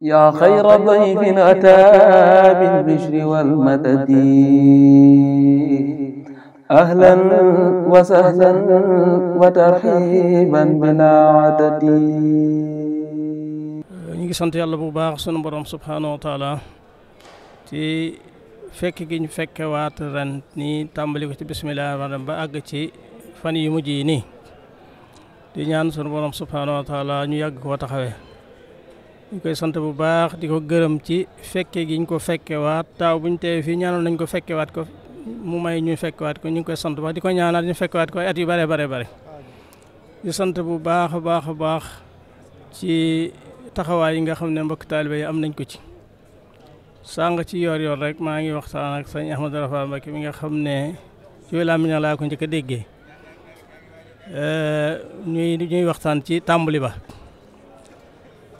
yaa xayra dayfin ataa bil bishri wal madadi wa sahlan wa tarxiiban bilaa adadi ñu ngi sant yàlla bu baax sunu borom subhaanahu wa taala fekk gi ñu fekke waat ren nii ci bismillaahi rahmaani rahiim ba àgg ci fan yu mujj yi nii di ñaan sunu borom subhaanahu wa ñu yàgg koo taxawee ñu koy sant bu baax di ko gërëm ci fekke gi ñu ko fekkewaat taaw buñ tey fii ñaanoon nañ ko fekkewaat ko mu may ñu fekkewaat ko ñu ngi koy sant bu baax di ko ñaanaat ñu fekkewaat ko ay at yu bare bare bare di sant bu baax a baax a baax ci taxawaay yi nga xam ne mbokk taalibe yi am nañ ko ci sànq ci yoor yoor rek maa ngi waxtaan ak sëñ Ahmadou Rafa Mbacké mi nga xam ne ci làmmiñ laa ko njëkk a déggee ñuy ñuy waxtaan ci tàmbali ba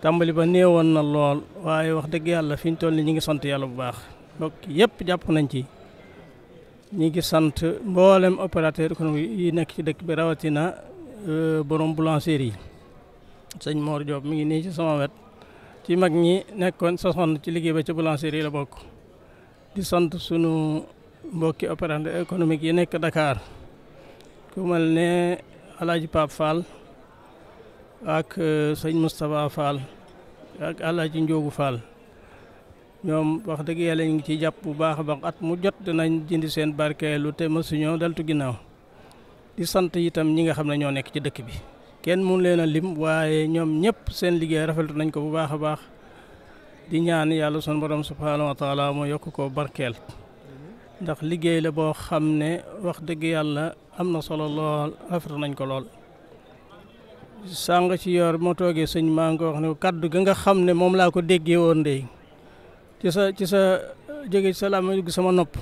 tàmbali ba néewoon na lool waaye wax dëgg yàlla fi ñu toll ni ñi ngi sant yàlla bu baax donc yëpp jàpp nañ ci ñi ngi sant mboolem opérateur économique yi nekk ci dëkk bi rawatina euh, borom boulangerie yi sëñ Mor Diop mi ngi nii ci sama wet ci mag ñi nekkoon sosoon ci liggéey ba ci boulangerie yi la bokk di sant sunu mbokki opérateur économique yi nekk Dakar ku mel ne Alaaji Pape Fall ak eh, sëñ Moustapha Fall ak Alaaji njóogu Fall ñoom wax dëgg yàlla ñu ngi ciy jàpp bu baax a baax at mu jot dinañ jëndi seen barkeelu te mësuñoo daltu ginnaaw di sant itam ñi nga xam ne ñoo nekk ci dëkk bi kenn mu leen a lim waaye ñoom ñëpp seen liggéey rafetlu nañ ko bu baax a baax di ñaan yàlla sunu borom subhaanahu wa moo yokk ko barkeel ndax liggéey la boo xam ne wax dëgg yàlla am na solo lool rafetlu nañ ko lool. sàng ci yoor moo toogee sëñ maa ngi ko wax ne kaddu ga nga xam ne moom laa ko déggee woon de ci sa ci sa jóge ci sa làmma gi sama nopp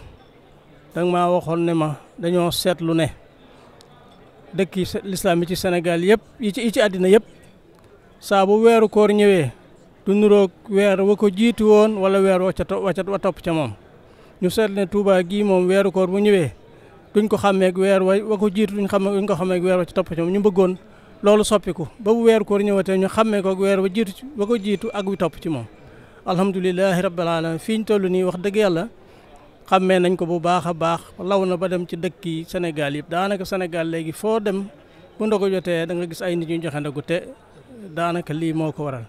danga maa waxoon ne ma dañoo seetlu ne dëkk yi lislaam bi ci senegal yëpp yi ci yi ci àddina yëpp saa bu weeru koor ñëwee du nuroog weer wa ko jiitu woon wala weer wa ca wa topp ca moom ñu seetlu ne Touba gii moom weeru koor bu ñëwee duñ ko xàmmeeg weer wa wa ko duñ xam duñ ko xàmmeeg weer wa topp ca moom ñu bëggoon loolu soppiku ba bu weer koor ñëwatee ñu xàmmee ko ak weer ba jiitu ba ko jiitu ak wi topp ci moom alhamdulilahi rabbil alamin fii ñu toll nii wax dëgg yàlla xàmmee nañ ko bu baax a baax law na ba dem ci dëkk yi Sénégal yëpp daanaka Sénégal léegi foo dem bu ndogu jotee da nga gis ay nit ñu joxe ndogu te daanaka lii moo ko waral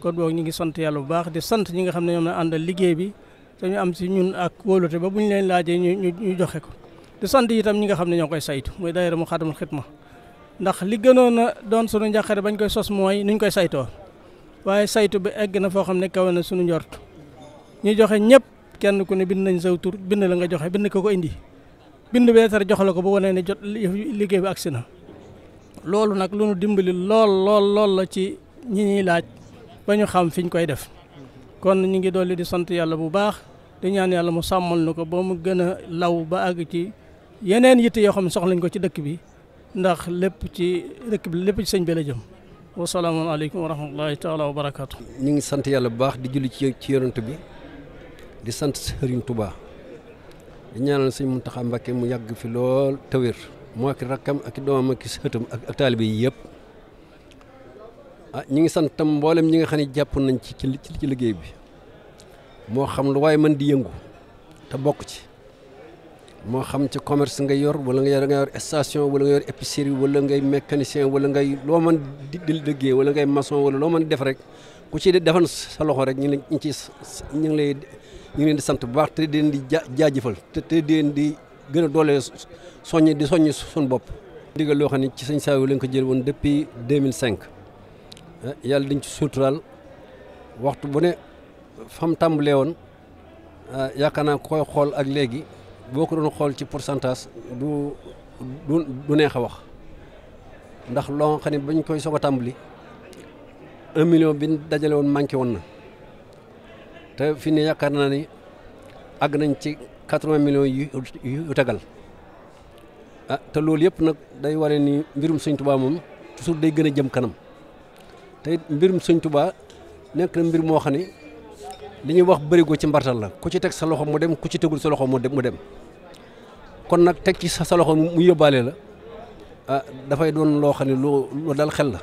kon boog ñu ngi sont yàlla bu baax di sant ñi nga xam ne ñoom la àndal liggéey bi dañu am si ñun ak wóolute ba bu ñu leen laajee ñu ñu joxe ko di sant itam ñi nga xam ne ñoo koy saytu muy daayira mu xadamul xidma ndax li gënoon na doon sunu njàqare bañ koy sos mooy nuñ koy saytoo waaye saytu bi egg na foo xam ne kawe na sunu njort ñu joxe ñëpp kenn ku ne bind nañ saw tur bind la nga joxe bind ko ko indi bind beetar jox la ko bu wane ne jot liggéey bi agsi na loolu nag lu nu dimbali lool lool lool la ci ñi ñuy laaj ba ñu xam fiñ koy def kon ñu ngi dolli di sant yàlla bu baax di ñaan yàlla mu sàmmal nu ko ba mu gën a law ba àgg ci yeneen yitte yoo xam ne soxlañ ko ci dëkk bi ndax lépp ci dëkk bi lépp ci sëñ bi la jëm wasalaamaaleykum wa rahmatulahi wa barakaatu. ñu ngi sant yàlla bu baax di julli ci ci yonent bi di sant Serigne Touba di ñaanal sëñ Mountakha Mbacké mu yàgg fi lool te wér moo ak rakkam ak doomam ak sëtam ak taalibe yi yëpp ah ñu ngi sant tam mboolem ñi nga xam ne jàpp nañ ci ci liggéey bi moo xam lu waaye man di yëngu te bokk ci. moo xam ci commerce nga yor wala nga yor nga yor station wala nga yor épicerie wala ngay mécanicien wala ngay loo mën di dëggee wala ngay maçon wala loo mën def rek ku ci defan sa loxo rek ñu ngi ñu ngi ñu ngi lay ñu ngi leen di sant bu baax te di leen di jaajëfal te te di di gën a doole soññ di soññ suñu bopp. ndigal loo xam ne ci sëñ Saliou lañ ko jël woon depuis 2005 ah, yàlla dañ ci suturaal waxtu bu ne fam tàmbalee woon ah, yaakaar naa koy xool ak léegi. boo ko doon xool ci pourcentage du du neex a wax ndax loo xam bañ koy soog a tàmbali million bi dajale woon manqué woon na te fi ne yaakaar naa ni àgg nañ ci quatre-vingts millions yu tegal ah, te loolu yëpp nag day waree ni mbirum Sëñ moom toujours day gën a jëm kanam te mbirum Sëñ nekk na mbir moo xam ne li ñuy wax bërigo ci mbartal la ku ci teg sa loxo mu dem ku ci tegul sa loxo mu dem mu dem kon nag teg ci sa loxo mu yóbbaale la ah dafay doon loo xam ne lu lu dal xel la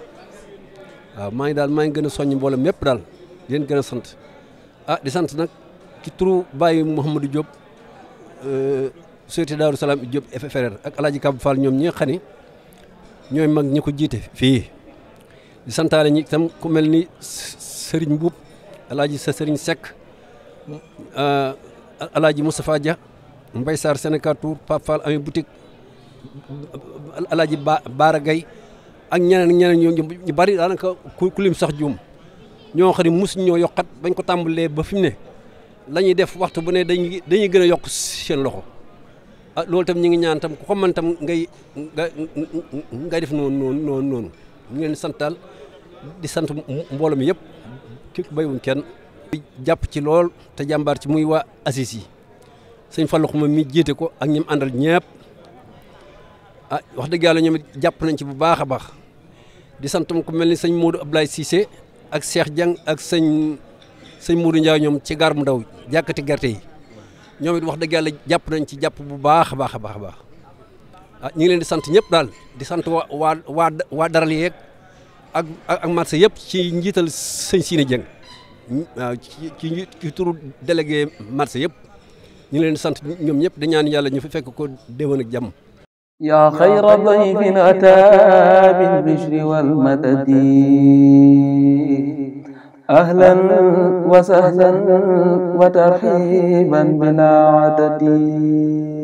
waaw maa ngi daal maa ngi gën a soññ mboolem mépp daal di leen gën a sant ah di sant nag ci turu Baye Mouhamadou Diop euh, société Daaru Salaam Diop frère ak El Hadj Kab ñoom ñi nga xam ñooy mag ñi ko jiite fii di santaale ñi itam ku mel ni sëriñ Mboup. alaaji sa sëriñ Seck euh, alaaji Moustapha Dia Mbay Sarr Sénégal Tour Pape amee boutique alaaji Ba Baara gay ak ñeneen ñeneen ñoo ñu bari daanaka ku lim sax juum ñoo xam ne mosuñ ñoo yokkat bañ ko tàmbalee ba fi mu ne la def waxtu bu ne dañuy dañuy gën a yokk seen loxo ah loolu tam ñu ngi ñaan tam ku ko mën tam ngay ngay def noonu noonu noonu noonu ñu leen santal di sant mbooloo mi yëpp. ci béywuñ kenn jàpp ci lool te jàmbaar ci muy waa assis yi sëñ Fallou Xuma mi jiite ko ak ñim àndal ñëpp a ah wax dëgg yàlla ñoom it jàpp nañ ci bu baax a baax di sant ku mel ni sëñ Modou Abdoulaye Cissé ak seex Dieng ak sëñ sëñ Modou Ndiaye ñoom ci gaar mu ndaw jàkkati gerte yi ñoom it wax dëgg yàlla jàpp nañ ci jàpp bu baax a baax a baax a baax ah ñu ngi leen di sant ñëpp daal di sant waa waa daral yeeg ak ak marché yëpp ci njiital sëñ Sine Dieng waaw ci ci turu délégué marché yëpp ñu leen sant ñoom ñëpp di ñaan yàlla ñu fi fekk ko déwén ak jàmm. yaa xayra dayfin ataa bil bishri wal madadi ahlan wa sahlan wa tarhiban bilaa adadi